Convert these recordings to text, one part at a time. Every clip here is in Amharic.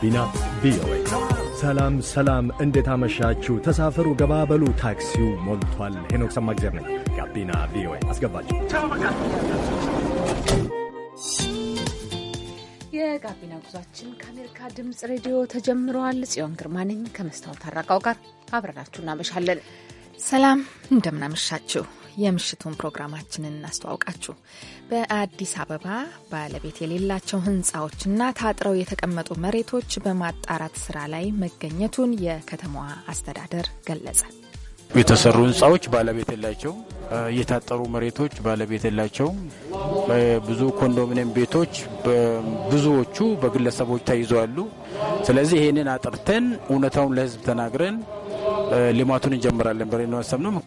ጋቢና ቪኦኤ። ሰላም ሰላም፣ እንዴት አመሻችሁ? ተሳፈሩ፣ ገባበሉ፣ ታክሲው ሞልቷል። ሄኖክ ሰማግዜር ነኝ። ጋቢና ቪኦኤ አስገባችሁ። የጋቢና ጉዟችን ከአሜሪካ ድምፅ ሬዲዮ ተጀምረዋል። ጽዮን ግርማ ነኝ ከመስታወት አራቃው ጋር አብረናችሁ እናመሻለን። ሰላም እንደምናመሻችሁ የምሽቱን ፕሮግራማችንን እናስተዋውቃችሁ። በአዲስ አበባ ባለቤት የሌላቸው ህንፃዎችና ታጥረው የተቀመጡ መሬቶች በማጣራት ስራ ላይ መገኘቱን የከተማዋ አስተዳደር ገለጸ። የተሰሩ ህንፃዎች ባለቤት የላቸው፣ የታጠሩ መሬቶች ባለቤት የላቸው። ብዙ ኮንዶሚኒየም ቤቶች ብዙዎቹ በግለሰቦች ተይዘዋሉ። ስለዚህ ይህንን አጥርተን እውነታውን ለህዝብ ተናግረን ልማቱን እንጀምራለን ብለን ነው ያሰብነው።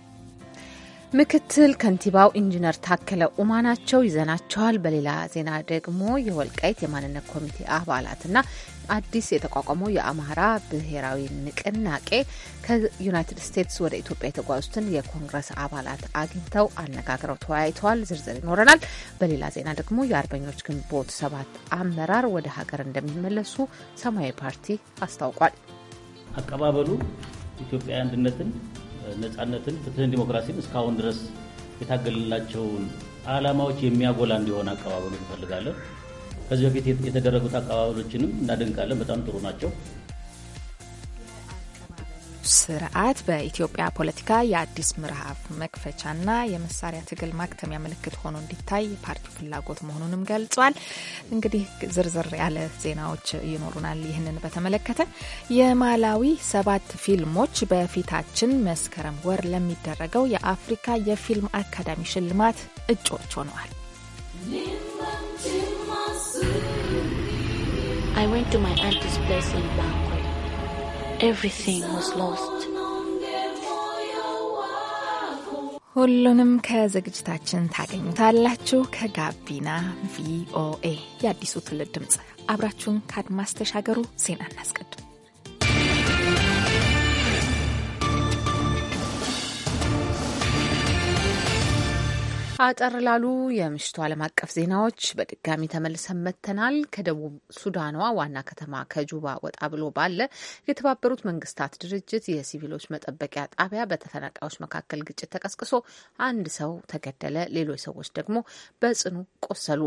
ምክትል ከንቲባው ኢንጂነር ታከለ ኡማ ናቸው። ይዘናቸዋል። በሌላ ዜና ደግሞ የወልቃይት የማንነት ኮሚቴ አባላትና አዲስ የተቋቋመው የአማራ ብሔራዊ ንቅናቄ ከዩናይትድ ስቴትስ ወደ ኢትዮጵያ የተጓዙትን የኮንግረስ አባላት አግኝተው አነጋግረው ተወያይተዋል። ዝርዝር ይኖረናል። በሌላ ዜና ደግሞ የአርበኞች ግንቦት ሰባት አመራር ወደ ሀገር እንደሚመለሱ ሰማያዊ ፓርቲ አስታውቋል። አቀባበሉ ኢትዮጵያ አንድነትን ነጻነትን፣ ፍትህን፣ ዲሞክራሲን እስካሁን ድረስ የታገልላቸውን አላማዎች የሚያጎላ እንዲሆን አቀባበሉ እንፈልጋለን። ከዚህ በፊት የተደረጉት አቀባበሎችንም እናደንቃለን። በጣም ጥሩ ናቸው። ስርዓት በኢትዮጵያ ፖለቲካ የአዲስ ምዕራፍ መክፈቻና የመሳሪያ ትግል ማክተሚያ ምልክት ሆኖ እንዲታይ ፓርቲው ፍላጎት መሆኑንም ገልጿል። እንግዲህ ዝርዝር ያለ ዜናዎች ይኖሩናል። ይህንን በተመለከተ የማላዊ ሰባት ፊልሞች በፊታችን መስከረም ወር ለሚደረገው የአፍሪካ የፊልም አካዳሚ ሽልማት እጩዎች ሆነዋል። I went to my auntie's place in Bangkok. everything was lost. ሁሉንም ከዝግጅታችን ታገኙታላችሁ። ከጋቢና ቪኦኤ የአዲሱ ትውልድ ድምፅ አብራችሁን ከአድማስ ተሻገሩ። ዜና እናስቀድም። አጠር ላሉ የምሽቱ ዓለም አቀፍ ዜናዎች በድጋሚ ተመልሰን መጥተናል። ከደቡብ ሱዳኗ ዋና ከተማ ከጁባ ወጣ ብሎ ባለ የተባበሩት መንግስታት ድርጅት የሲቪሎች መጠበቂያ ጣቢያ በተፈናቃዮች መካከል ግጭት ተቀስቅሶ አንድ ሰው ተገደለ፣ ሌሎች ሰዎች ደግሞ በጽኑ ቆሰሉ።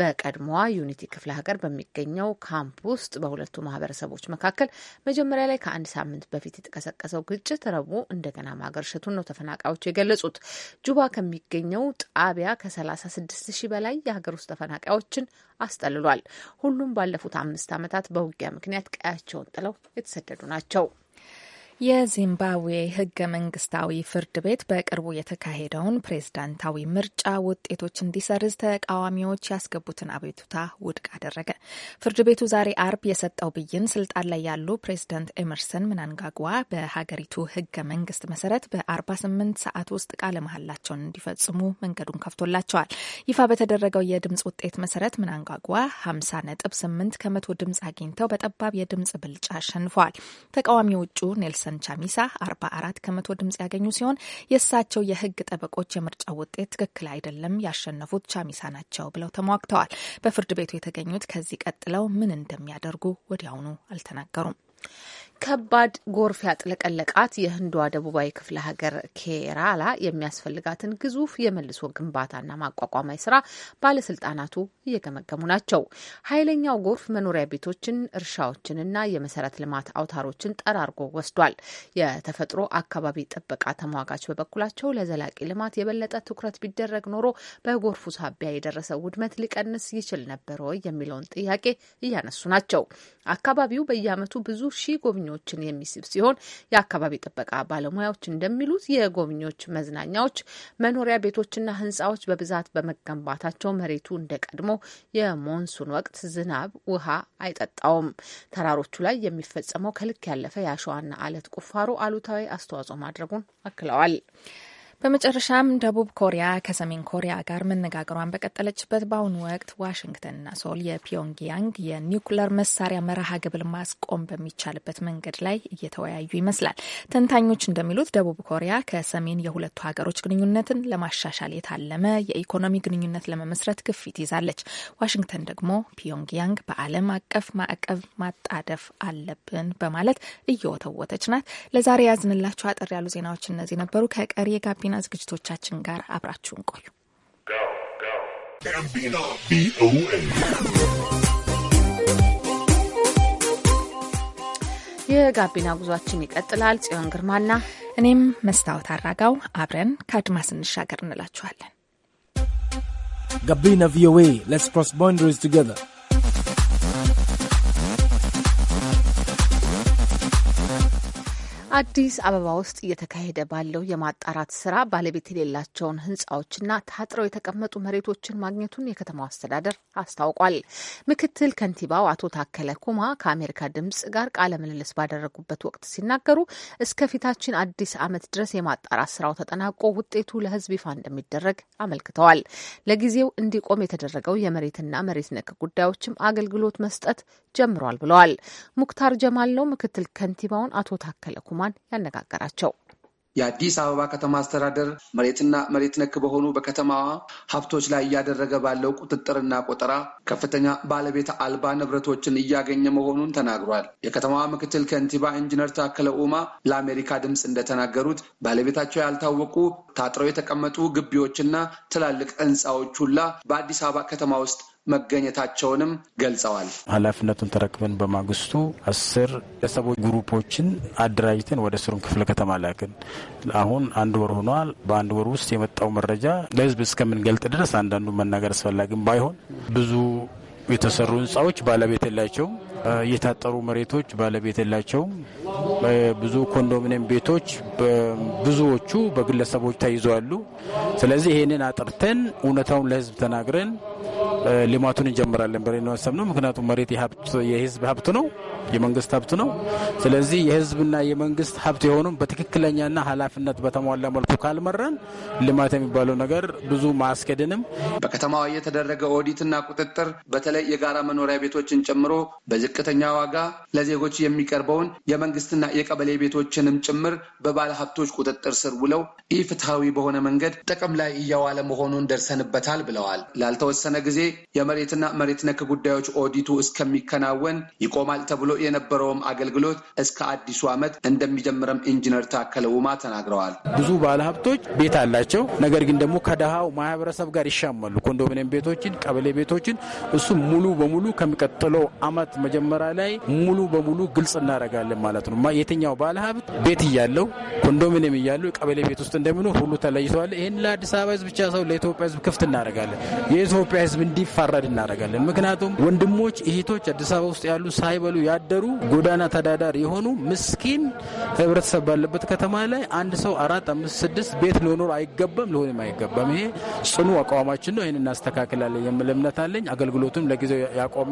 በቀድሞዋ ዩኒቲ ክፍለ ሀገር በሚገኘው ካምፕ ውስጥ በሁለቱ ማህበረሰቦች መካከል መጀመሪያ ላይ ከአንድ ሳምንት በፊት የተቀሰቀሰው ግጭት ረቡዕ እንደገና ማገርሸቱን ነው ተፈናቃዮቹ የገለጹት ጁባ ከሚገኘው ጣቢያ ከ36 ሺህ በላይ የሀገር ውስጥ ተፈናቃዮችን አስጠልሏል። ሁሉም ባለፉት አምስት ዓመታት በውጊያ ምክንያት ቀያቸውን ጥለው የተሰደዱ ናቸው። የዚምባብዌ ህገ መንግስታዊ ፍርድ ቤት በቅርቡ የተካሄደውን ፕሬዝዳንታዊ ምርጫ ውጤቶች እንዲሰርዝ ተቃዋሚዎች ያስገቡትን አቤቱታ ውድቅ አደረገ። ፍርድ ቤቱ ዛሬ አርብ የሰጠው ብይን ስልጣን ላይ ያሉ ፕሬዝዳንት ኤመርሰን ምናንጋጓ በሀገሪቱ ህገ መንግስት መሰረት በ48 ሰዓት ውስጥ ቃለ መሀላቸውን እንዲፈጽሙ መንገዱን ከፍቶላቸዋል። ይፋ በተደረገው የድምጽ ውጤት መሰረት ምናንጋጓ 50 ነጥብ 8 ከመቶ ድምጽ አግኝተው በጠባብ የድምጽ ብልጫ አሸንፈዋል። ተቃዋሚዎቹ ኔልሰን ጃክሰን ቻሚሳ 44 ከመቶ ድምጽ ያገኙ ሲሆን የእሳቸው የህግ ጠበቆች የምርጫው ውጤት ትክክል አይደለም፣ ያሸነፉት ቻሚሳ ናቸው ብለው ተሟግተዋል። በፍርድ ቤቱ የተገኙት ከዚህ ቀጥለው ምን እንደሚያደርጉ ወዲያውኑ አልተናገሩም። ከባድ ጎርፍ ያጥለቀለቃት የህንዷ ደቡባዊ ክፍለ ሀገር ኬራላ የሚያስፈልጋትን ግዙፍ የመልሶ ግንባታና ማቋቋሚያ ስራ ባለስልጣናቱ እየገመገሙ ናቸው። ኃይለኛው ጎርፍ መኖሪያ ቤቶችን፣ እርሻዎችንና የመሰረት ልማት አውታሮችን ጠራርጎ ወስዷል። የተፈጥሮ አካባቢ ጥበቃ ተሟጋች በበኩላቸው ለዘላቂ ልማት የበለጠ ትኩረት ቢደረግ ኖሮ በጎርፉ ሳቢያ የደረሰው ውድመት ሊቀንስ ይችል ነበር ወይ የሚለውን ጥያቄ እያነሱ ናቸው። አካባቢው በየዓመቱ ብዙ ሺህ ጎብኚ ጎብኚዎችን የሚስብ ሲሆን የአካባቢ ጥበቃ ባለሙያዎች እንደሚሉት የጎብኚዎች መዝናኛዎች፣ መኖሪያ ቤቶችና ህንፃዎች በብዛት በመገንባታቸው መሬቱ እንደ ቀድሞ የሞንሱን ወቅት ዝናብ ውሃ አይጠጣውም። ተራሮቹ ላይ የሚፈጸመው ከልክ ያለፈ የአሸዋና አለት ቁፋሮ አሉታዊ አስተዋጽኦ ማድረጉን አክለዋል። በመጨረሻም ደቡብ ኮሪያ ከሰሜን ኮሪያ ጋር መነጋገሯን በቀጠለችበት በአሁኑ ወቅት ዋሽንግተንና ሶል የፒዮንግያንግ የኒውክለር መሳሪያ መርሃ ግብር ማስቆም በሚቻልበት መንገድ ላይ እየተወያዩ ይመስላል። ተንታኞች እንደሚሉት ደቡብ ኮሪያ ከሰሜን የሁለቱ ሀገሮች ግንኙነትን ለማሻሻል የታለመ የኢኮኖሚ ግንኙነት ለመመስረት ግፊት ይዛለች። ዋሽንግተን ደግሞ ፒዮንግያንግ በዓለም አቀፍ ማዕቀብ ማጣደፍ አለብን በማለት እየወተወተች ናት። ለዛሬ ያዝንላችሁ አጠር ያሉ ዜናዎች እነዚህ ነበሩ። ከቀሪ የጋቢ ጋቢና ዝግጅቶቻችን ጋር አብራችሁን ቆዩ። የጋቢና ጉዟችን ይቀጥላል። ጽዮን ግርማና እኔም መስታወት አራጋው አብረን ከአድማስ እንሻገር እንላችኋለን። ጋቢና ቪኦኤ ሌትስ ክሮስ ቦንደሪስ ቱጌዘር አዲስ አበባ ውስጥ እየተካሄደ ባለው የማጣራት ስራ ባለቤት የሌላቸውን ህንፃዎችና ታጥረው የተቀመጡ መሬቶችን ማግኘቱን የከተማው አስተዳደር አስታውቋል። ምክትል ከንቲባው አቶ ታከለ ኩማ ከአሜሪካ ድምጽ ጋር ቃለ ምልልስ ባደረጉበት ወቅት ሲናገሩ እስከ ፊታችን አዲስ ዓመት ድረስ የማጣራት ስራው ተጠናቆ ውጤቱ ለህዝብ ይፋ እንደሚደረግ አመልክተዋል። ለጊዜው እንዲቆም የተደረገው የመሬትና መሬት ነክ ጉዳዮችም አገልግሎት መስጠት ጀምሯል ብለዋል። ሙክታር ጀማል ነው ምክትል ከንቲባውን አቶ ታከለ ኩማ ከተማዋን ያነጋገራቸው። የአዲስ አበባ ከተማ አስተዳደር መሬትና መሬት ነክ በሆኑ በከተማዋ ሀብቶች ላይ እያደረገ ባለው ቁጥጥርና ቆጠራ ከፍተኛ ባለቤት አልባ ንብረቶችን እያገኘ መሆኑን ተናግሯል። የከተማዋ ምክትል ከንቲባ ኢንጂነር ታከለ ኡማ ለአሜሪካ ድምፅ እንደተናገሩት ባለቤታቸው ያልታወቁ ታጥረው የተቀመጡ ግቢዎችና ትላልቅ ሕንፃዎች ሁላ በአዲስ አበባ ከተማ ውስጥ መገኘታቸውንም ገልጸዋል። ኃላፊነቱን ተረክበን በማግስቱ አስር ግለሰቦች ግሩፖችን አደራጅተን ወደ ስሩም ክፍለ ከተማ ላክን። አሁን አንድ ወር ሆኗል። በአንድ ወር ውስጥ የመጣው መረጃ ለህዝብ እስከምንገልጥ ድረስ አንዳንዱ መናገር አስፈላጊም ባይሆን ብዙ የተሰሩ ህንፃዎች ባለቤት የላቸውም። የታጠሩ መሬቶች ባለቤት የላቸውም። ብዙ ኮንዶሚኒየም ቤቶች ብዙዎቹ በግለሰቦች ተይዘዋሉ። ስለዚህ ይህንን አጥርተን እውነታውን ለህዝብ ተናግረን ልማቱን እንጀምራለን ብለን ነው ምክንያቱም መሬት የህዝብ ሀብት ነው፣ የመንግስት ሀብት ነው። ስለዚህ የህዝብና የመንግስት ሀብት የሆኑም በትክክለኛና ኃላፊነት በተሟላ መልኩ ካልመራን ልማት የሚባለው ነገር ብዙ ማስኬድንም በከተማዋ የተደረገ ኦዲትና ቁጥጥር በተለይ የጋራ መኖሪያ ቤቶችን ጨምሮ በዝቅተኛ ዋጋ ለዜጎች የሚቀርበውን የመንግስትና የቀበሌ ቤቶችንም ጭምር በባለ ሀብቶች ቁጥጥር ስር ውለው ኢፍትሐዊ በሆነ መንገድ ጥቅም ላይ እያዋለ መሆኑን ደርሰንበታል ብለዋል። ላልተወሰነ ጊዜ የመሬትና መሬት ነክ ጉዳዮች ኦዲቱ እስከሚከናወን ይቆማል ተብሎ የነበረውም አገልግሎት እስከ አዲሱ ዓመት እንደሚጀምረም ኢንጂነር ታከለ ውማ ተናግረዋል። ብዙ ባለሀብቶች ቤት አላቸው። ነገር ግን ደግሞ ከደሃው ማህበረሰብ ጋር ይሻመሉ ኮንዶሚኒየም ቤቶችን፣ ቀበሌ ቤቶችን እሱ ሙሉ በሙሉ ከሚቀጥለው ዓመት መጀመሪያ ላይ ሙሉ በሙሉ ግልጽ እናደርጋለን ማለት ነው። የትኛው ባለሀብት ቤት እያለው ኮንዶሚኒየም እያለው ቀበሌ ቤት ውስጥ እንደሚኖር ሁሉ ተለይተዋል። ይህን ለአዲስ አበባ ህዝብ ብቻ ሰው ለኢትዮጵያ ህዝብ ክፍት እናደርጋለን። የኢትዮጵያ ህዝብ እንዲ እንዲፋረድ እናደርጋለን። ምክንያቱም ወንድሞች እህቶች አዲስ አበባ ውስጥ ያሉ ሳይበሉ ያደሩ ጎዳና ተዳዳሪ የሆኑ ምስኪን ህብረተሰብ ባለበት ከተማ ላይ አንድ ሰው አራት፣ አምስት፣ ስድስት ቤት ሊኖር አይገባም፣ ሊሆንም አይገባም። ይሄ ጽኑ አቋማችን ነው። ይህን እናስተካክላለን የሚል እምነት አለኝ። አገልግሎቱም ለጊዜው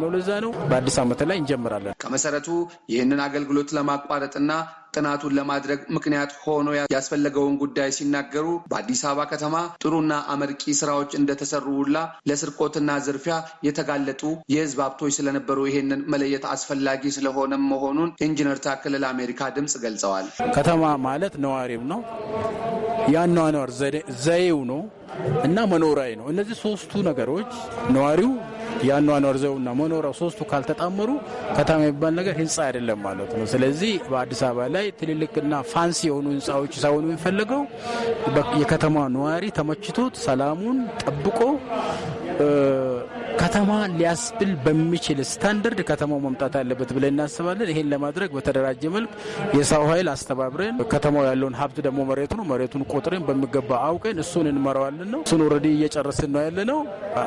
ነው። ለዛ ነው። በአዲስ ዓመት ላይ እንጀምራለን። ከመሰረቱ ይህንን አገልግሎት ለማቋረጥና ጥናቱን ለማድረግ ምክንያት ሆኖ ያስፈለገውን ጉዳይ ሲናገሩ በአዲስ አበባ ከተማ ጥሩና አመርቂ ስራዎች እንደተሰሩ ሁላ ለስርቆትና ዝርፊያ የተጋለጡ የህዝብ ሀብቶች ስለነበሩ ይሄንን መለየት አስፈላጊ ስለሆነ መሆኑን ኢንጂነር ታክል ለአሜሪካ ድምፅ ገልጸዋል። ከተማ ማለት ነዋሪም ነው ያኗኗር ዘዬው ነው እና መኖራዊ ነው። እነዚህ ሶስቱ ነገሮች ነዋሪው የአኗኗር ዘውና መኖሪያው ሶስቱ ካልተጣመሩ ከተማ የሚባል ነገር ህንፃ አይደለም ማለት ነው። ስለዚህ በአዲስ አበባ ላይ ትልልቅና ፋንሲ የሆኑ ህንፃዎች ሳይሆኑ የሚፈለገው የከተማ ነዋሪ ተመችቶት ሰላሙን ጠብቆ ከተማ ሊያስብል በሚችል ስታንዳርድ ከተማው መምጣት አለበት ብለን እናስባለን። ይሄን ለማድረግ በተደራጀ መልክ የሰው ኃይል አስተባብረን ከተማው ያለውን ሀብት ደግሞ መሬቱ ነው። መሬቱን ቆጥረን በሚገባ አውቀን እሱን እንመራዋለን ነው። እሱን ኦልሬዲ እየጨረስን ነው ያለ ነው።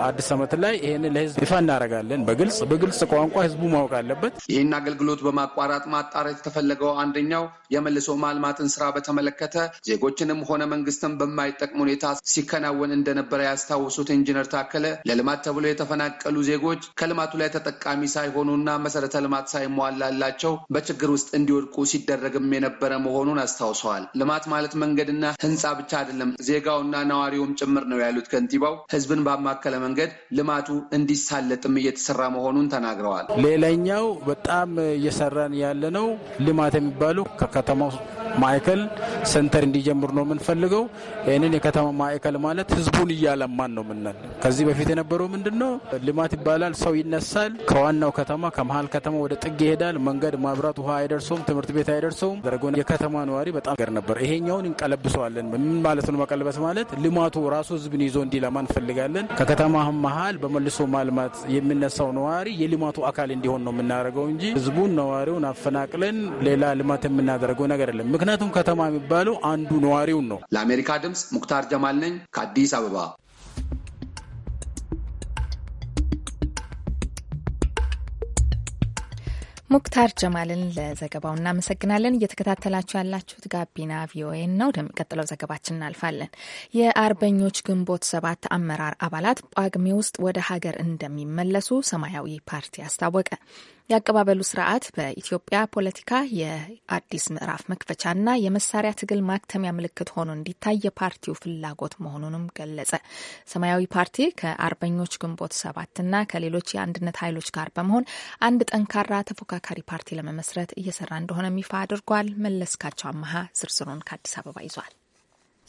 አዲስ ዓመት ላይ ይህን ለህዝብ ይፋ እናደርጋለን። በግልጽ በግልጽ ቋንቋ ህዝቡ ማወቅ አለበት። ይህን አገልግሎት በማቋረጥ ማጣራት የተፈለገው አንደኛው የመልሶ ማልማትን ስራ በተመለከተ ዜጎችንም ሆነ መንግስትን በማይጠቅም ሁኔታ ሲከናወን እንደነበረ ያስታውሱት ኢንጂነር ታከለ ለልማት ተብሎ የተፈ የተፈናቀሉ ዜጎች ከልማቱ ላይ ተጠቃሚ ሳይሆኑና መሰረተ ልማት ሳይሟላላቸው በችግር ውስጥ እንዲወድቁ ሲደረግም የነበረ መሆኑን አስታውሰዋል። ልማት ማለት መንገድና ህንፃ ብቻ አይደለም፣ ዜጋውና ነዋሪውም ጭምር ነው ያሉት ከንቲባው ህዝብን ባማከለ መንገድ ልማቱ እንዲሳለጥም እየተሰራ መሆኑን ተናግረዋል። ሌላኛው በጣም እየሰራን ያለ ነው ልማት የሚባሉ ከከተማው ማዕከል ሴንተር እንዲጀምር ነው የምንፈልገው። ይህንን የከተማ ማዕከል ማለት ህዝቡን እያለማን ነው ምናል ከዚህ በፊት የነበረው ምንድን ነው ልማት ይባላል። ሰው ይነሳል ከዋናው ከተማ ከመሀል ከተማ ወደ ጥግ ይሄዳል። መንገድ፣ መብራት፣ ውሃ አይደርሰውም። ትምህርት ቤት አይደርሰውም። ደረጎ የከተማ ነዋሪ በጣም ገር ነበር። ይሄኛውን እንቀለብሰዋለን። ምን ማለት ነው መቀልበስ ማለት? ልማቱ ራሱ ህዝብን ይዞ እንዲለማ እንፈልጋለን። ከከተማ መሀል በመልሶ ማልማት የሚነሳው ነዋሪ የልማቱ አካል እንዲሆን ነው የምናደርገው እንጂ ህዝቡን ነዋሪውን አፈናቅለን ሌላ ልማት የምናደርገው ነገር የለም። ምክንያቱም ከተማ የሚባለው አንዱ ነዋሪውን ነው። ለአሜሪካ ድምፅ ሙክታር ጀማል ነኝ ከአዲስ አበባ። ሙክታር ጀማልን ለዘገባው እናመሰግናለን። እየተከታተላችሁ ያላችሁት ጋቢና ቪኦኤ ነው። ወደሚቀጥለው ዘገባችን እናልፋለን። የአርበኞች ግንቦት ሰባት አመራር አባላት ጳጉሜ ውስጥ ወደ ሀገር እንደሚመለሱ ሰማያዊ ፓርቲ አስታወቀ። የአቀባበሉ ስርዓት በኢትዮጵያ ፖለቲካ የአዲስ ምዕራፍ መክፈቻና የመሳሪያ ትግል ማክተሚያ ምልክት ሆኖ እንዲታይ የፓርቲው ፍላጎት መሆኑንም ገለጸ። ሰማያዊ ፓርቲ ከአርበኞች ግንቦት ሰባትና ከሌሎች የአንድነት ኃይሎች ጋር በመሆን አንድ ጠንካራ ተፎካካሪ ፓርቲ ለመመስረት እየሰራ እንደሆነ ይፋ አድርጓል። መለስካቸው አመሃ ዝርዝሩን ከአዲስ አበባ ይዟል።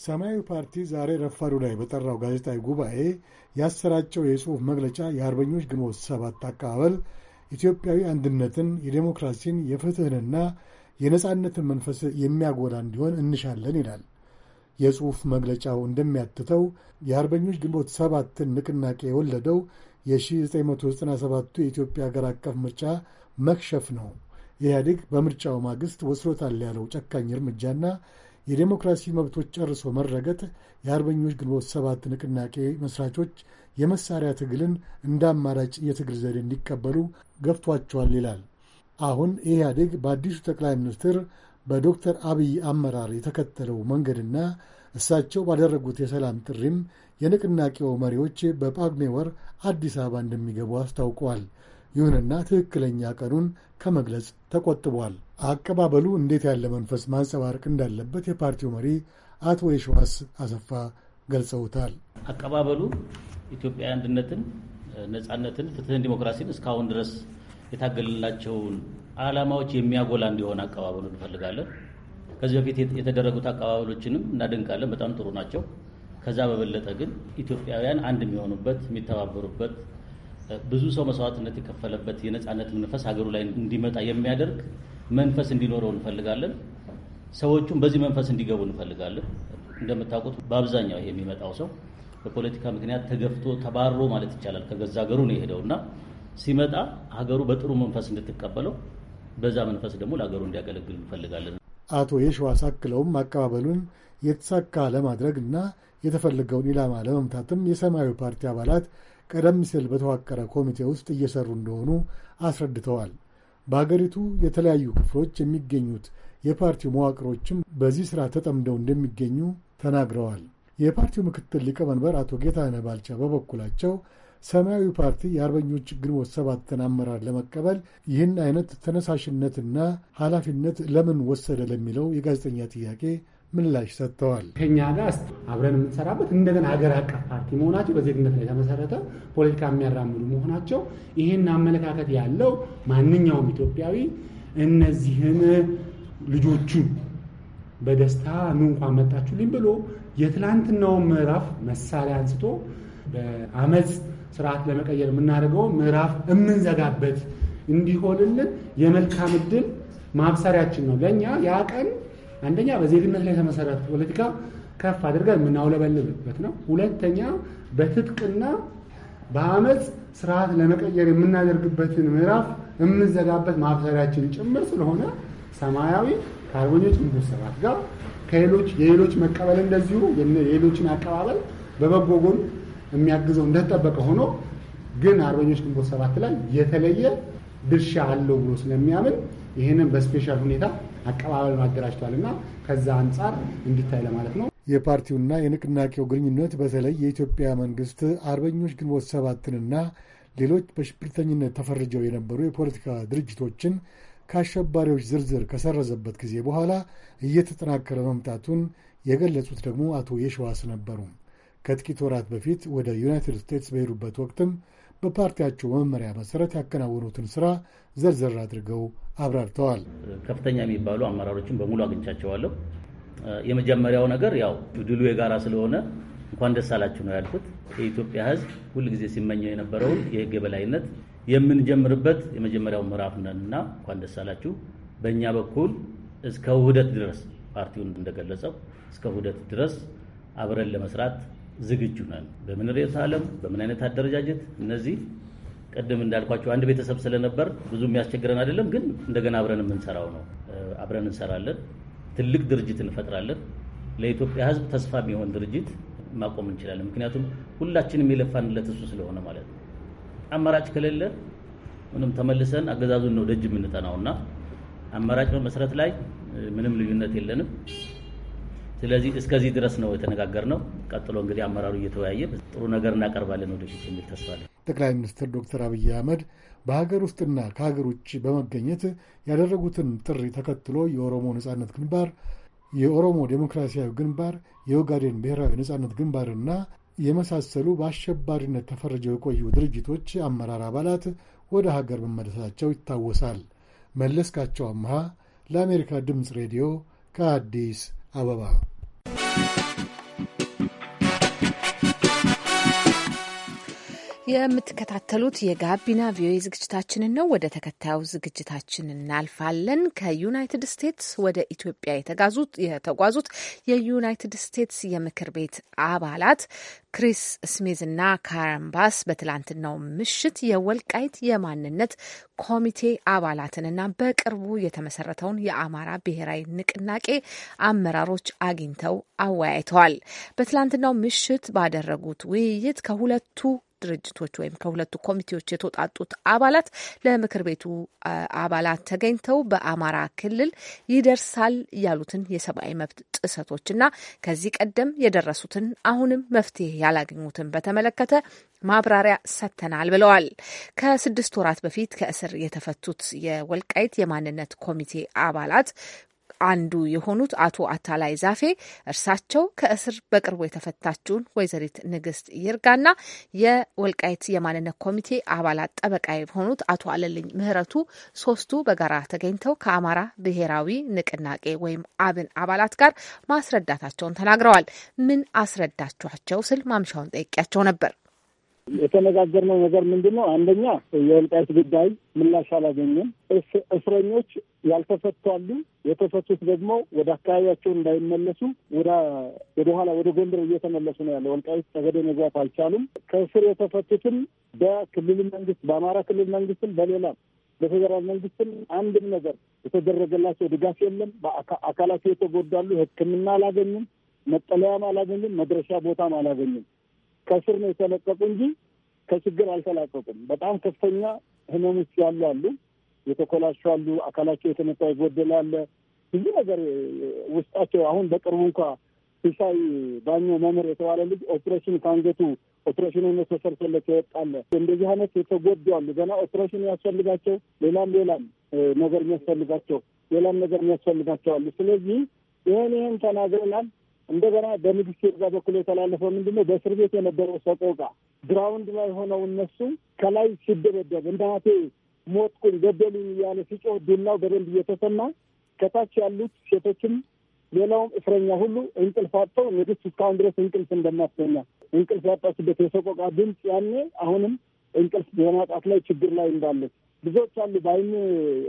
ሰማያዊ ፓርቲ ዛሬ ረፋዱ ላይ በጠራው ጋዜጣዊ ጉባኤ ያሰራጨው የጽሑፍ መግለጫ የአርበኞች ግንቦት ሰባት አቀባበል ኢትዮጵያዊ አንድነትን፣ የዴሞክራሲን፣ የፍትሕንና የነጻነትን መንፈስ የሚያጎላ እንዲሆን እንሻለን ይላል። የጽሑፍ መግለጫው እንደሚያትተው የአርበኞች ግንቦት ሰባትን ንቅናቄ የወለደው የ1997ቱ የኢትዮጵያ አገር አቀፍ ምርጫ መክሸፍ ነው። ኢህአዴግ በምርጫው ማግስት ወስዶታል ያለው ጨካኝ እርምጃና የዴሞክራሲ መብቶች ጨርሶ መረገጥ የአርበኞች ግንቦት ሰባት ንቅናቄ መስራቾች የመሳሪያ ትግልን እንደ አማራጭ የትግል ዘዴ እንዲቀበሉ ገፍቷቸዋል ይላል። አሁን ኢህአዴግ በአዲሱ ጠቅላይ ሚኒስትር በዶክተር አብይ አመራር የተከተለው መንገድና እሳቸው ባደረጉት የሰላም ጥሪም የንቅናቄው መሪዎች በጳጉሜ ወር አዲስ አበባ እንደሚገቡ አስታውቀዋል። ይሁንና ትክክለኛ ቀኑን ከመግለጽ ተቆጥቧል። አቀባበሉ እንዴት ያለ መንፈስ ማንጸባረቅ እንዳለበት የፓርቲው መሪ አቶ የሸዋስ አሰፋ ገልጸውታል። አቀባበሉ ኢትዮጵያ አንድነትን፣ ነጻነትን፣ ፍትህን፣ ዲሞክራሲን እስካሁን ድረስ የታገልላቸውን አላማዎች የሚያጎላ እንዲሆን አቀባበሉ እንፈልጋለን። ከዚህ በፊት የተደረጉት አቀባበሎችንም እናደንቃለን፣ በጣም ጥሩ ናቸው። ከዛ በበለጠ ግን ኢትዮጵያውያን አንድ የሚሆኑበት የሚተባበሩበት ብዙ ሰው መስዋዕትነት የከፈለበት የነጻነት መንፈስ ሀገሩ ላይ እንዲመጣ የሚያደርግ መንፈስ እንዲኖረው እንፈልጋለን። ሰዎቹም በዚህ መንፈስ እንዲገቡ እንፈልጋለን። እንደምታውቁት በአብዛኛው ይሄ የሚመጣው ሰው በፖለቲካ ምክንያት ተገፍቶ ተባሮ ማለት ይቻላል ከገዛ ሀገሩ ነው የሄደው እና ሲመጣ ሀገሩ በጥሩ መንፈስ እንድትቀበለው በዛ መንፈስ ደግሞ ለሀገሩ እንዲያገለግል እንፈልጋለን። አቶ የሸዋስ አክለውም አቀባበሉን የተሳካ ለማድረግ እና የተፈለገውን ኢላማ ለመምታትም የሰማያዊ ፓርቲ አባላት ቀደም ሲል በተዋቀረ ኮሚቴ ውስጥ እየሰሩ እንደሆኑ አስረድተዋል። በሀገሪቱ የተለያዩ ክፍሎች የሚገኙት የፓርቲው መዋቅሮችም በዚህ ሥራ ተጠምደው እንደሚገኙ ተናግረዋል። የፓርቲው ምክትል ሊቀመንበር አቶ ጌታ ባልቻ በበኩላቸው ሰማያዊ ፓርቲ የአርበኞች ግንቦት ሰባትን አመራር ለመቀበል ይህን አይነት ተነሳሽነትና ኃላፊነት ለምን ወሰደ ለሚለው የጋዜጠኛ ጥያቄ ምላሽ ሰጥተዋል። ከኛ ጋር አብረን የምንሰራበት እንደገና ሀገር አቀፍ ፓርቲ መሆናቸው በዜግነት ላይ የተመሰረተ ፖለቲካ የሚያራምዱ መሆናቸው ይህን አመለካከት ያለው ማንኛውም ኢትዮጵያዊ እነዚህን ልጆቹን በደስታ ኑ እንኳን መጣችሁልኝ ብሎ የትላንትናውን ምዕራፍ መሳሪያ አንስቶ በአመፅ ስርዓት ለመቀየር የምናደርገው ምዕራፍ የምንዘጋበት እንዲሆንልን የመልካም እድል ማብሰሪያችን ነው። ለእኛ ያ ቀን አንደኛ በዜግነት ላይ የተመሰረተ ፖለቲካ ከፍ አድርገን የምናውለበልብበት ነው። ሁለተኛ በትጥቅና በአመፅ ስርዓት ለመቀየር የምናደርግበትን ምዕራፍ የምንዘጋበት ማብሰሪያችን ጭምር ስለሆነ ሰማያዊ ከአርበኞች ግንቦት ሰባት ጋር ከሌሎች የሌሎች መቀበል እንደዚሁ የሌሎችን አቀባበል በበጎ ጎን የሚያግዘው እንደተጠበቀ ሆኖ ግን አርበኞች ግንቦት ሰባት ላይ የተለየ ድርሻ አለው ብሎ ስለሚያምን ይህንን በስፔሻል ሁኔታ አቀባበል አደራጅቷል ከዛ አንጻር እንዲታይ ለማለት ነው። የፓርቲውና የንቅናቄው ግንኙነት በተለይ የኢትዮጵያ መንግስት አርበኞች ግንቦት ሰባትንና ሌሎች በሽብርተኝነት ተፈርጀው የነበሩ የፖለቲካ ድርጅቶችን ከአሸባሪዎች ዝርዝር ከሰረዘበት ጊዜ በኋላ እየተጠናከረ መምጣቱን የገለጹት ደግሞ አቶ የሸዋስ ነበሩ። ከጥቂት ወራት በፊት ወደ ዩናይትድ ስቴትስ በሄዱበት ወቅትም በፓርቲያቸው መመሪያ መሰረት ያከናወኑትን ስራ ዘርዘር አድርገው አብራርተዋል። ከፍተኛ የሚባሉ አመራሮችን በሙሉ አግኝቻቸዋለሁ። የመጀመሪያው ነገር ያው ድሉ የጋራ ስለሆነ እንኳን ደስ አላችሁ ነው ያልኩት። የኢትዮጵያ ሕዝብ ሁልጊዜ ሲመኘው የነበረውን የህግ የበላይነት የምንጀምርበት የመጀመሪያው ምዕራፍ ነንና እንኳን ደስ አላችሁ። በእኛ በኩል እስከ ውህደት ድረስ ፓርቲውን እንደገለጸው እስከ ውህደት ድረስ አብረን ለመስራት ዝግጁ ነን። በምን ርዕዮተ ዓለም፣ በምን አይነት አደረጃጀት እነዚህ ቅድም እንዳልኳቸው አንድ ቤተሰብ ስለነበር ብዙ የሚያስቸግረን አይደለም። ግን እንደገና አብረን የምንሰራው ነው። አብረን እንሰራለን። ትልቅ ድርጅት እንፈጥራለን። ለኢትዮጵያ ህዝብ ተስፋ የሚሆን ድርጅት ማቆም እንችላለን። ምክንያቱም ሁላችንም የለፋንለት እሱ ስለሆነ ማለት ነው። አማራጭ ከሌለ ምንም ተመልሰን አገዛዙን ነው ደጅ የምንጠናውና አማራጭ በመሰረት ላይ ምንም ልዩነት የለንም። ስለዚህ እስከዚህ ድረስ ነው የተነጋገርነው። ቀጥሎ እንግዲህ አመራሩ እየተወያየ ጥሩ ነገር እናቀርባለን ወደፊት የሚል ተስፋ አለን። ጠቅላይ ሚኒስትር ዶክተር አብይ አህመድ በሀገር ውስጥና ከሀገር ውጭ በመገኘት ያደረጉትን ጥሪ ተከትሎ የኦሮሞ ነጻነት ግንባር የኦሮሞ ዴሞክራሲያዊ ግንባር፣ የኦጋዴን ብሔራዊ ነጻነት ግንባርና የመሳሰሉ በአሸባሪነት ተፈርጀው የቆዩ ድርጅቶች አመራር አባላት ወደ ሀገር መመለሳቸው ይታወሳል። መለስካቸው አምሃ ለአሜሪካ ድምፅ ሬዲዮ ከአዲስ አበባ የምትከታተሉት የጋቢና ቪኦኤ ዝግጅታችንን ነው። ወደ ተከታዩ ዝግጅታችን እናልፋለን። ከዩናይትድ ስቴትስ ወደ ኢትዮጵያ የተጓዙት የዩናይትድ ስቴትስ የምክር ቤት አባላት ክሪስ ስሚዝ እና ካረን ባስ በትላንትናው ምሽት የወልቃይት የማንነት ኮሚቴ አባላትንና በቅርቡ የተመሰረተውን የአማራ ብሔራዊ ንቅናቄ አመራሮች አግኝተው አወያይተዋል። በትላንትናው ምሽት ባደረጉት ውይይት ከሁለቱ ድርጅቶች ወይም ከሁለቱ ኮሚቴዎች የተውጣጡት አባላት ለምክር ቤቱ አባላት ተገኝተው በአማራ ክልል ይደርሳል ያሉትን የሰብአዊ መብት ጥሰቶች እና ከዚህ ቀደም የደረሱትን አሁንም መፍትሄ ያላገኙትን በተመለከተ ማብራሪያ ሰጥተናል ብለዋል። ከስድስት ወራት በፊት ከእስር የተፈቱት የወልቃይት የማንነት ኮሚቴ አባላት አንዱ የሆኑት አቶ አታላይ ዛፌ እርሳቸው ከእስር በቅርቡ የተፈታችውን ወይዘሪት ንግስት ይርጋና የወልቃይት የማንነት ኮሚቴ አባላት ጠበቃ የሆኑት አቶ አለልኝ ምህረቱ ሶስቱ በጋራ ተገኝተው ከአማራ ብሔራዊ ንቅናቄ ወይም አብን አባላት ጋር ማስረዳታቸውን ተናግረዋል። ምን አስረዳችኋቸው ስል ማምሻውን ጠይቄያቸው ነበር። የተነጋገርነው ነገር ምንድን ነው? አንደኛ የወልቃይት ጉዳይ ምላሽ አላገኘም። እስረኞች ያልተፈቱ አሉ። የተፈቱት ደግሞ ወደ አካባቢያቸው እንዳይመለሱ ወደ ኋላ ወደ ጎንደር እየተመለሱ ነው ያለ። ወልቃይት ጠገዴ መግባት አልቻሉም። ከእስር የተፈቱትም በክልል መንግስት፣ በአማራ ክልል መንግስትም በሌላም በፌዴራል መንግስትም አንድም ነገር የተደረገላቸው ድጋፍ የለም። አካላቸው የተጎዳሉ። ሕክምና አላገኙም። መጠለያም አላገኙም። መድረሻ ቦታም አላገኙም። ከስር ነው የተለቀቁ እንጂ ከችግር አልተላቀቁም። በጣም ከፍተኛ ህመም ውስጥ ያሉ አሉ፣ የተኮላሹ አሉ፣ አካላቸው የተመታ ይጎደል አለ፣ ብዙ ነገር ውስጣቸው። አሁን በቅርቡ እንኳ ሲሳይ ባኞ መምህር የተባለ ልጅ ኦፕሬሽን ከአንገቱ ኦፕሬሽኑ ተሰርቶለት ይወጣል። እንደዚህ አይነት የተጎዱ አሉ። ገና ኦፕሬሽን ያስፈልጋቸው፣ ሌላም ሌላም ነገር የሚያስፈልጋቸው ሌላም ነገር የሚያስፈልጋቸው አሉ። ስለዚህ ይህን ይህን ተናግረናል። እንደገና በሚኒስቴር ጋር በኩል የተላለፈው ምንድን ነው? በእስር ቤት የነበረው ሰቆቃ ግራውንድ ላይ ሆነው እነሱ ከላይ ሲደበደብ እናቴ ሞትኩኝ፣ ገደሉኝ እያለ ሲጮህ ዱላው በደንብ እየተሰማ ከታች ያሉት ሴቶችም ሌላውም እስረኛ ሁሉ እንቅልፍ አጥተው ንግስት እስካሁን ድረስ እንቅልፍ እንደማትተኛ እንቅልፍ ያጣችበት የሰቆቃ ድምፅ ያኔ አሁንም እንቅልፍ በማጣት ላይ ችግር ላይ እንዳለች ብዙዎች አሉ። በአይን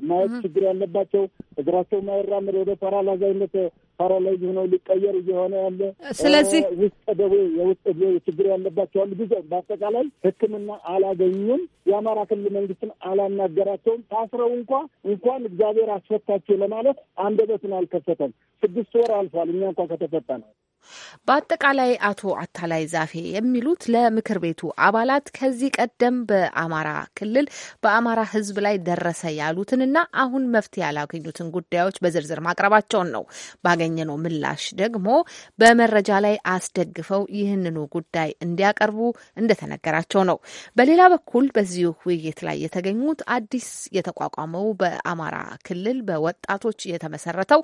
ማየት ችግር ያለባቸው እግራቸው ማይራመድ ወደ ፓራላዛይነት ፓራላይዝ ሆነው ሊቀየር እየሆነ ያለ ስለዚህ ውስጥ ደዌ የውስጥ ደዌ ችግር ያለባቸው አሉ። ብዙ በአጠቃላይ ሕክምና አላገኙም። የአማራ ክልል መንግስትን አላናገራቸውም። ታስረው እንኳ እንኳን እግዚአብሔር አስፈታቸው ለማለት አንደበትን አልከፈተም። ስድስት ወር አልፏል። እኛ እንኳ ከተፈታ ነው በአጠቃላይ አቶ አታላይ ዛፌ የሚሉት ለምክር ቤቱ አባላት ከዚህ ቀደም በአማራ ክልል በአማራ ሕዝብ ላይ ደረሰ ያሉትንና አሁን መፍትሄ ያላገኙትን ጉዳዮች በዝርዝር ማቅረባቸውን ነው። ባገኘነው ምላሽ ደግሞ በመረጃ ላይ አስደግፈው ይህንኑ ጉዳይ እንዲያቀርቡ እንደተነገራቸው ነው። በሌላ በኩል በዚሁ ውይይት ላይ የተገኙት አዲስ የተቋቋመው በአማራ ክልል በወጣቶች የተመሰረተው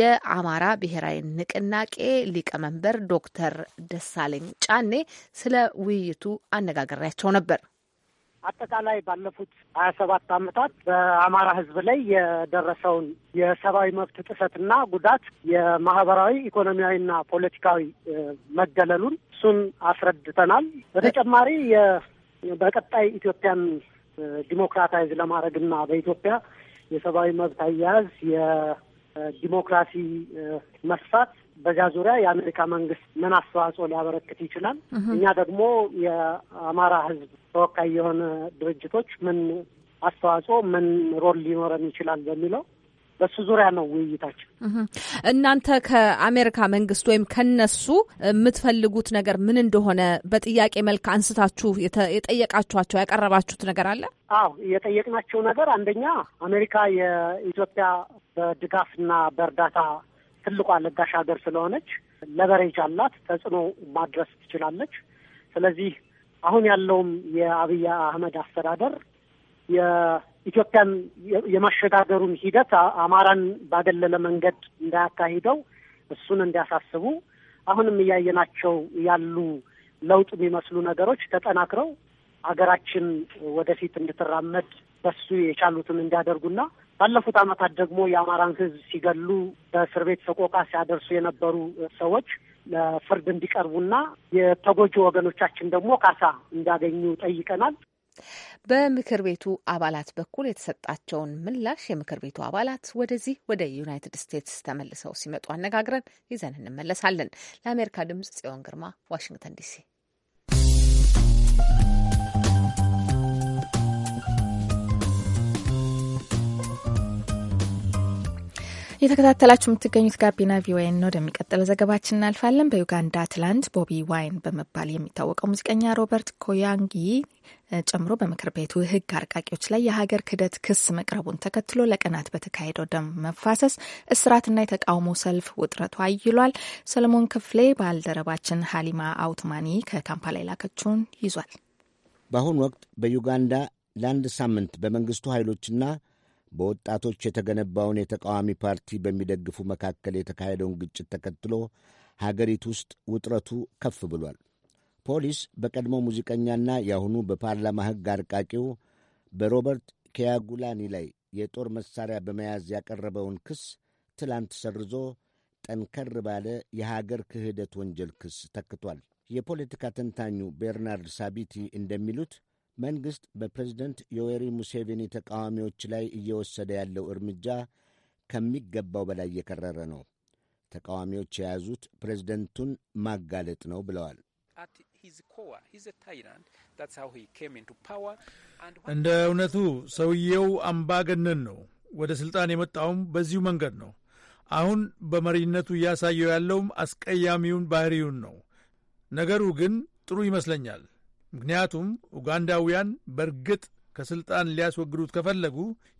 የአማራ ብሔራዊ ንቅናቄ ሊቀመ ሊቀመንበር ዶክተር ደሳለኝ ጫኔ ስለ ውይይቱ አነጋገሪያቸው ነበር። አጠቃላይ ባለፉት ሀያ ሰባት ዓመታት በአማራ ህዝብ ላይ የደረሰውን የሰብአዊ መብት ጥሰትና ጉዳት የማህበራዊ ኢኮኖሚያዊና ፖለቲካዊ መገለሉን እሱን አስረድተናል። በተጨማሪ በቀጣይ ኢትዮጵያን ዲሞክራታይዝ ለማድረግና በኢትዮጵያ የሰብአዊ መብት አያያዝ የዲሞክራሲ መስፋት በዛ ዙሪያ የአሜሪካ መንግስት ምን አስተዋጽኦ ሊያበረክት ይችላል? እኛ ደግሞ የአማራ ህዝብ ተወካይ የሆነ ድርጅቶች ምን አስተዋጽኦ ምን ሮል ሊኖረን ይችላል በሚለው በሱ ዙሪያ ነው ውይይታችን። እናንተ ከአሜሪካ መንግስት ወይም ከነሱ የምትፈልጉት ነገር ምን እንደሆነ በጥያቄ መልክ አንስታችሁ የጠየቃችኋቸው ያቀረባችሁት ነገር አለ? አዎ የጠየቅናቸው ነገር አንደኛ አሜሪካ የኢትዮጵያ በድጋፍና በእርዳታ ትልቋ ለጋሽ ሀገር ስለሆነች ለበሬጅ አላት፣ ተጽዕኖ ማድረስ ትችላለች። ስለዚህ አሁን ያለውም የአብይ አህመድ አስተዳደር የኢትዮጵያን የማሸጋገሩን ሂደት አማራን ባገለለ መንገድ እንዳያካሂደው እሱን እንዲያሳስቡ አሁንም እያየናቸው ያሉ ለውጥ የሚመስሉ ነገሮች ተጠናክረው አገራችን ወደፊት እንድትራመድ በሱ የቻሉትን እንዲያደርጉና ባለፉት ዓመታት ደግሞ የአማራን ሕዝብ ሲገሉ በእስር ቤት ሰቆቃ ሲያደርሱ የነበሩ ሰዎች ለፍርድ እንዲቀርቡና የተጎጂ ወገኖቻችን ደግሞ ካሳ እንዲያገኙ ጠይቀናል። በምክር ቤቱ አባላት በኩል የተሰጣቸውን ምላሽ የምክር ቤቱ አባላት ወደዚህ ወደ ዩናይትድ ስቴትስ ተመልሰው ሲመጡ አነጋግረን ይዘን እንመለሳለን። ለአሜሪካ ድምጽ ጽዮን ግርማ ዋሽንግተን ዲሲ። የተከታተላችሁ የምትገኙት ጋቢና ቪኦኤን ነው። ወደሚቀጥለው ዘገባችን እናልፋለን። በዩጋንዳ ትላንት ቦቢ ዋይን በመባል የሚታወቀው ሙዚቀኛ ሮበርት ኮያንጊ ጨምሮ በምክር ቤቱ ሕግ አርቃቂዎች ላይ የሀገር ክደት ክስ መቅረቡን ተከትሎ ለቀናት በተካሄደው ደም መፋሰስ፣ እስራትና የተቃውሞ ሰልፍ ውጥረቱ አይሏል። ሰለሞን ክፍሌ ባልደረባችን ሀሊማ አውትማኒ ከካምፓላ የላከችውን ይዟል። በአሁኑ ወቅት በዩጋንዳ ለአንድ ሳምንት በመንግስቱ ኃይሎችና በወጣቶች የተገነባውን የተቃዋሚ ፓርቲ በሚደግፉ መካከል የተካሄደውን ግጭት ተከትሎ ሀገሪቱ ውስጥ ውጥረቱ ከፍ ብሏል። ፖሊስ በቀድሞ ሙዚቀኛና የአሁኑ በፓርላማ ሕግ አርቃቂው በሮበርት ኪያጉላኒ ላይ የጦር መሣሪያ በመያዝ ያቀረበውን ክስ ትላንት ሰርዞ ጠንከር ባለ የሀገር ክህደት ወንጀል ክስ ተክቷል። የፖለቲካ ተንታኙ ቤርናርድ ሳቢቲ እንደሚሉት መንግሥት በፕሬዝደንት ዮዌሪ ሙሴቬኒ ተቃዋሚዎች ላይ እየወሰደ ያለው እርምጃ ከሚገባው በላይ የከረረ ነው። ተቃዋሚዎች የያዙት ፕሬዝደንቱን ማጋለጥ ነው ብለዋል። እንደ እውነቱ ሰውየው አምባገነን ነው። ወደ ሥልጣን የመጣውም በዚሁ መንገድ ነው። አሁን በመሪነቱ እያሳየው ያለውም አስቀያሚውን ባህሪውን ነው። ነገሩ ግን ጥሩ ይመስለኛል። ምክንያቱም ኡጋንዳውያን በእርግጥ ከሥልጣን ሊያስወግዱት ከፈለጉ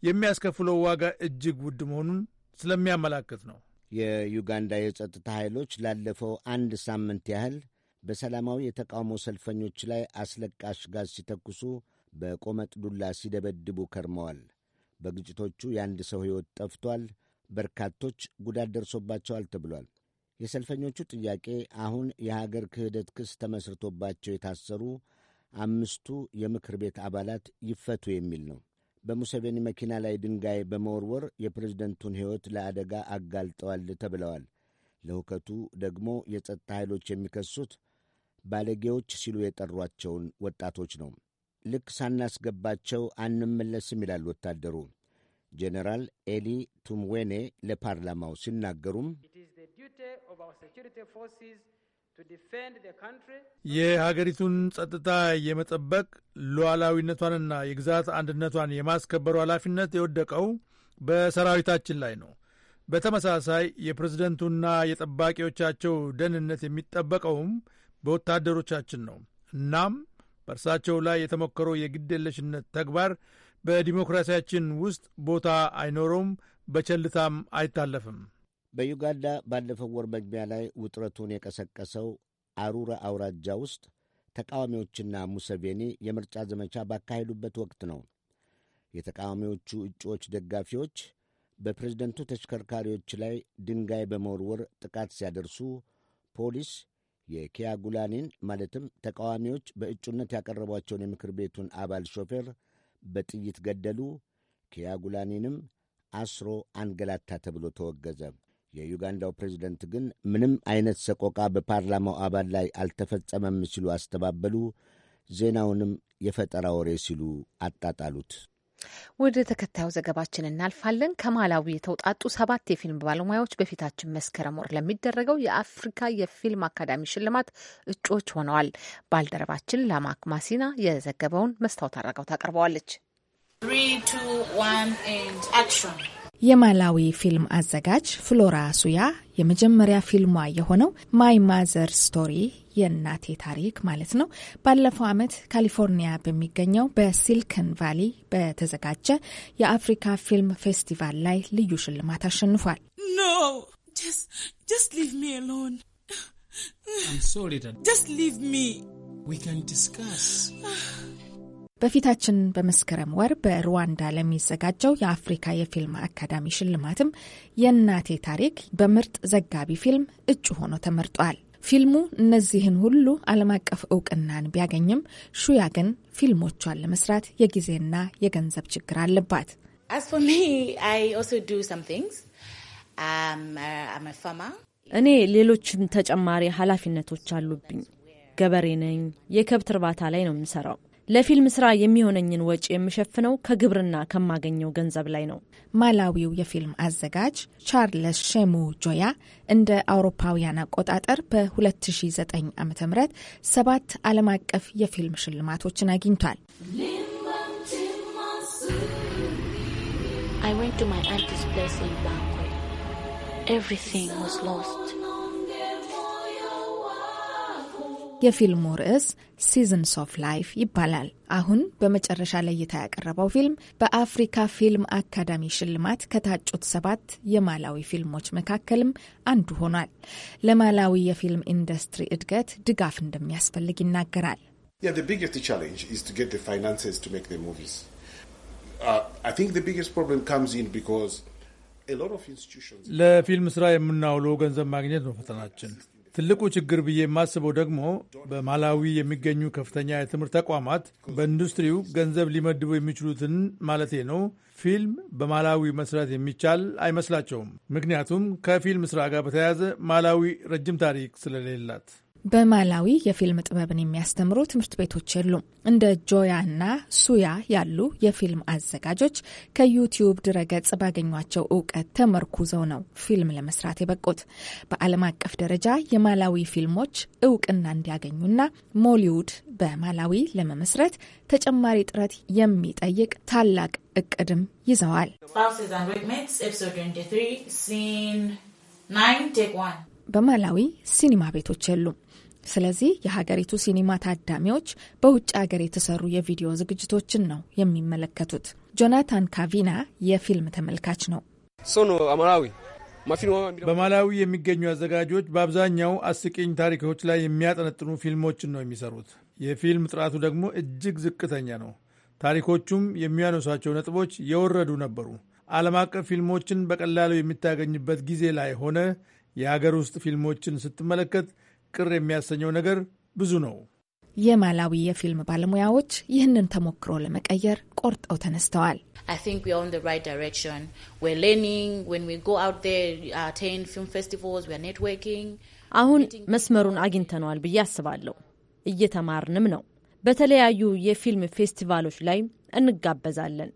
የሚያስከፍለው ዋጋ እጅግ ውድ መሆኑን ስለሚያመላክት ነው። የዩጋንዳ የጸጥታ ኃይሎች ላለፈው አንድ ሳምንት ያህል በሰላማዊ የተቃውሞ ሰልፈኞች ላይ አስለቃሽ ጋዝ ሲተኩሱ፣ በቆመጥ ዱላ ሲደበድቡ ከርመዋል። በግጭቶቹ የአንድ ሰው ሕይወት ጠፍቷል፣ በርካቶች ጉዳት ደርሶባቸዋል ተብሏል። የሰልፈኞቹ ጥያቄ አሁን የሀገር ክህደት ክስ ተመስርቶባቸው የታሰሩ አምስቱ የምክር ቤት አባላት ይፈቱ የሚል ነው። በሙሴቬኒ መኪና ላይ ድንጋይ በመወርወር የፕሬዝደንቱን ሕይወት ለአደጋ አጋልጠዋል ተብለዋል። ለሁከቱ ደግሞ የጸጥታ ኃይሎች የሚከሱት ባለጌዎች ሲሉ የጠሯቸውን ወጣቶች ነው። ልክ ሳናስገባቸው አንመለስም ይላል ወታደሩ። ጄኔራል ኤሊ ቱምዌኔ ለፓርላማው ሲናገሩም የሀገሪቱን ጸጥታ የመጠበቅ ሉዓላዊነቷንና የግዛት አንድነቷን የማስከበሩ ኃላፊነት የወደቀው በሰራዊታችን ላይ ነው። በተመሳሳይ የፕሬዝደንቱና የጠባቂዎቻቸው ደህንነት የሚጠበቀውም በወታደሮቻችን ነው። እናም በእርሳቸው ላይ የተሞከረው የግድየለሽነት ተግባር በዲሞክራሲያችን ውስጥ ቦታ አይኖረውም፣ በቸልታም አይታለፍም። በዩጋንዳ ባለፈው ወር መግቢያ ላይ ውጥረቱን የቀሰቀሰው አሩራ አውራጃ ውስጥ ተቃዋሚዎችና ሙሰቬኒ የምርጫ ዘመቻ ባካሄዱበት ወቅት ነው። የተቃዋሚዎቹ እጩዎች ደጋፊዎች በፕሬዝደንቱ ተሽከርካሪዎች ላይ ድንጋይ በመወርወር ጥቃት ሲያደርሱ ፖሊስ የኪያጉላኒን ማለትም ተቃዋሚዎች በእጩነት ያቀረቧቸውን የምክር ቤቱን አባል ሾፌር በጥይት ገደሉ፣ ኪያጉላኒንም አስሮ አንገላታ ተብሎ ተወገዘ። የዩጋንዳው ፕሬዚደንት ግን ምንም አይነት ሰቆቃ በፓርላማው አባል ላይ አልተፈጸመም ሲሉ አስተባበሉ። ዜናውንም የፈጠራ ወሬ ሲሉ አጣጣሉት። ወደ ተከታዩ ዘገባችን እናልፋለን። ከማላዊ የተውጣጡ ሰባት የፊልም ባለሙያዎች በፊታችን መስከረም ወር ለሚደረገው የአፍሪካ የፊልም አካዳሚ ሽልማት እጩዎች ሆነዋል። ባልደረባችን ላማክ ማሲና የዘገበውን መስታወት አድርገው ታቀርበዋለች። የማላዊ ፊልም አዘጋጅ ፍሎራ ሱያ የመጀመሪያ ፊልሟ የሆነው ማይ ማዘር ስቶሪ የእናቴ ታሪክ ማለት ነው። ባለፈው ዓመት ካሊፎርኒያ በሚገኘው በሲልከን ቫሊ በተዘጋጀ የአፍሪካ ፊልም ፌስቲቫል ላይ ልዩ ሽልማት አሸንፏል። ኖ በፊታችን በመስከረም ወር በሩዋንዳ ለሚዘጋጀው የአፍሪካ የፊልም አካዳሚ ሽልማትም የእናቴ ታሪክ በምርጥ ዘጋቢ ፊልም እጩ ሆኖ ተመርጧል። ፊልሙ እነዚህን ሁሉ ዓለም አቀፍ እውቅናን ቢያገኝም ሹያ ግን ፊልሞቿን ለመስራት የጊዜና የገንዘብ ችግር አለባት። um, uh, እኔ ሌሎችም ተጨማሪ ኃላፊነቶች አሉብኝ። ገበሬ ነኝ። የከብት እርባታ ላይ ነው የምሰራው። ለፊልም ስራ የሚሆነኝን ወጪ የምሸፍነው ከግብርና ከማገኘው ገንዘብ ላይ ነው። ማላዊው የፊልም አዘጋጅ ቻርለስ ሼሙ ጆያ እንደ አውሮፓውያን አቆጣጠር በ2009 ዓ.ም ሰባት ዓለም አቀፍ የፊልም ሽልማቶችን አግኝቷል። I went to my auntie's place in Bangkok. Everything was lost. የፊልሙ ርዕስ ሲዝንስ ኦፍ ላይፍ ይባላል። አሁን በመጨረሻ እይታ ያቀረበው ፊልም በአፍሪካ ፊልም አካዳሚ ሽልማት ከታጩት ሰባት የማላዊ ፊልሞች መካከልም አንዱ ሆኗል። ለማላዊ የፊልም ኢንዱስትሪ እድገት ድጋፍ እንደሚያስፈልግ ይናገራል። ለፊልም ስራ የምናውለው ገንዘብ ማግኘት ነው ፈተናችን። ትልቁ ችግር ብዬ የማስበው ደግሞ በማላዊ የሚገኙ ከፍተኛ የትምህርት ተቋማት በኢንዱስትሪው ገንዘብ ሊመድቡ የሚችሉትን ማለቴ ነው ፊልም በማላዊ መስራት የሚቻል አይመስላቸውም። ምክንያቱም ከፊልም ስራ ጋር በተያያዘ ማላዊ ረጅም ታሪክ ስለሌላት በማላዊ የፊልም ጥበብን የሚያስተምሩ ትምህርት ቤቶች የሉም። እንደ ጆያና ሱያ ያሉ የፊልም አዘጋጆች ከዩቲዩብ ድረገጽ ባገኟቸው እውቀት ተመርኩዘው ነው ፊልም ለመስራት የበቁት። በዓለም አቀፍ ደረጃ የማላዊ ፊልሞች እውቅና እንዲያገኙና ሞሊውድ በማላዊ ለመመስረት ተጨማሪ ጥረት የሚጠይቅ ታላቅ እቅድም ይዘዋል። በማላዊ ሲኒማ ቤቶች የሉም። ስለዚህ የሀገሪቱ ሲኒማ ታዳሚዎች በውጭ ሀገር የተሰሩ የቪዲዮ ዝግጅቶችን ነው የሚመለከቱት። ጆናታን ካቪና የፊልም ተመልካች ነው። በማላዊ የሚገኙ አዘጋጆች በአብዛኛው አስቂኝ ታሪኮች ላይ የሚያጠነጥኑ ፊልሞችን ነው የሚሰሩት። የፊልም ጥራቱ ደግሞ እጅግ ዝቅተኛ ነው። ታሪኮቹም የሚያነሷቸው ነጥቦች የወረዱ ነበሩ። ዓለም አቀፍ ፊልሞችን በቀላሉ የምታገኝበት ጊዜ ላይ ሆነ የሀገር ውስጥ ፊልሞችን ስትመለከት ቅር የሚያሰኘው ነገር ብዙ ነው። የማላዊ የፊልም ባለሙያዎች ይህንን ተሞክሮ ለመቀየር ቆርጠው ተነስተዋል። አሁን መስመሩን አግኝተነዋል ብዬ አስባለሁ። እየተማርንም ነው። በተለያዩ የፊልም ፌስቲቫሎች ላይ እንጋበዛለን።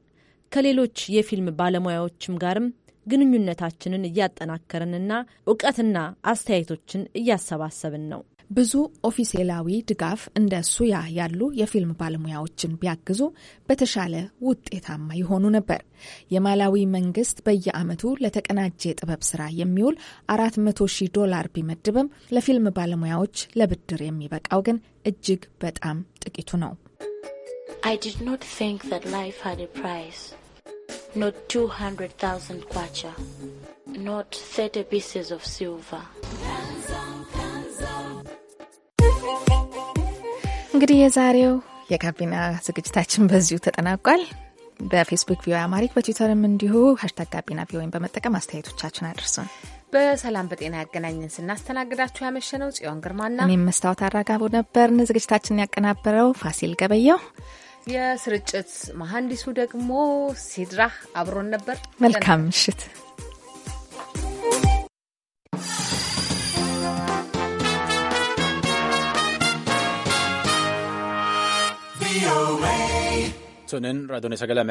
ከሌሎች የፊልም ባለሙያዎችም ጋርም ግንኙነታችንን እያጠናከርንና እውቀትና አስተያየቶችን እያሰባሰብን ነው። ብዙ ኦፊሴላዊ ድጋፍ እንደ ሱያ ያሉ የፊልም ባለሙያዎችን ቢያግዙ በተሻለ ውጤታማ ይሆኑ ነበር። የማላዊ መንግስት በየዓመቱ ለተቀናጀ የጥበብ ስራ የሚውል 400 ሺህ ዶላር ቢመድብም ለፊልም ባለሙያዎች ለብድር የሚበቃው ግን እጅግ በጣም ጥቂቱ ነው። I did not think that life had a price. not 200,000 kwacha, not 30 pieces of silver. እንግዲህ የዛሬው የጋቢና ዝግጅታችን በዚሁ ተጠናቋል። በፌስቡክ ቪኦኤ አማሪክ በትዊተርም እንዲሁ ሀሽታግ ጋቢና ቪኦኤን በመጠቀም አስተያየቶቻችን አድርሱን። በሰላም በጤና ያገናኘን። ስናስተናግዳችሁ ያመሸነው ጽዮን ግርማና እኔም መስታወት አራጋቡ ነበርን። ዝግጅታችንን ያቀናበረው ፋሲል ገበየው የስርጭት መሐንዲሱ ደግሞ ሲድራህ አብሮን ነበር። መልካም ምሽት። Sonen, Radone Sagala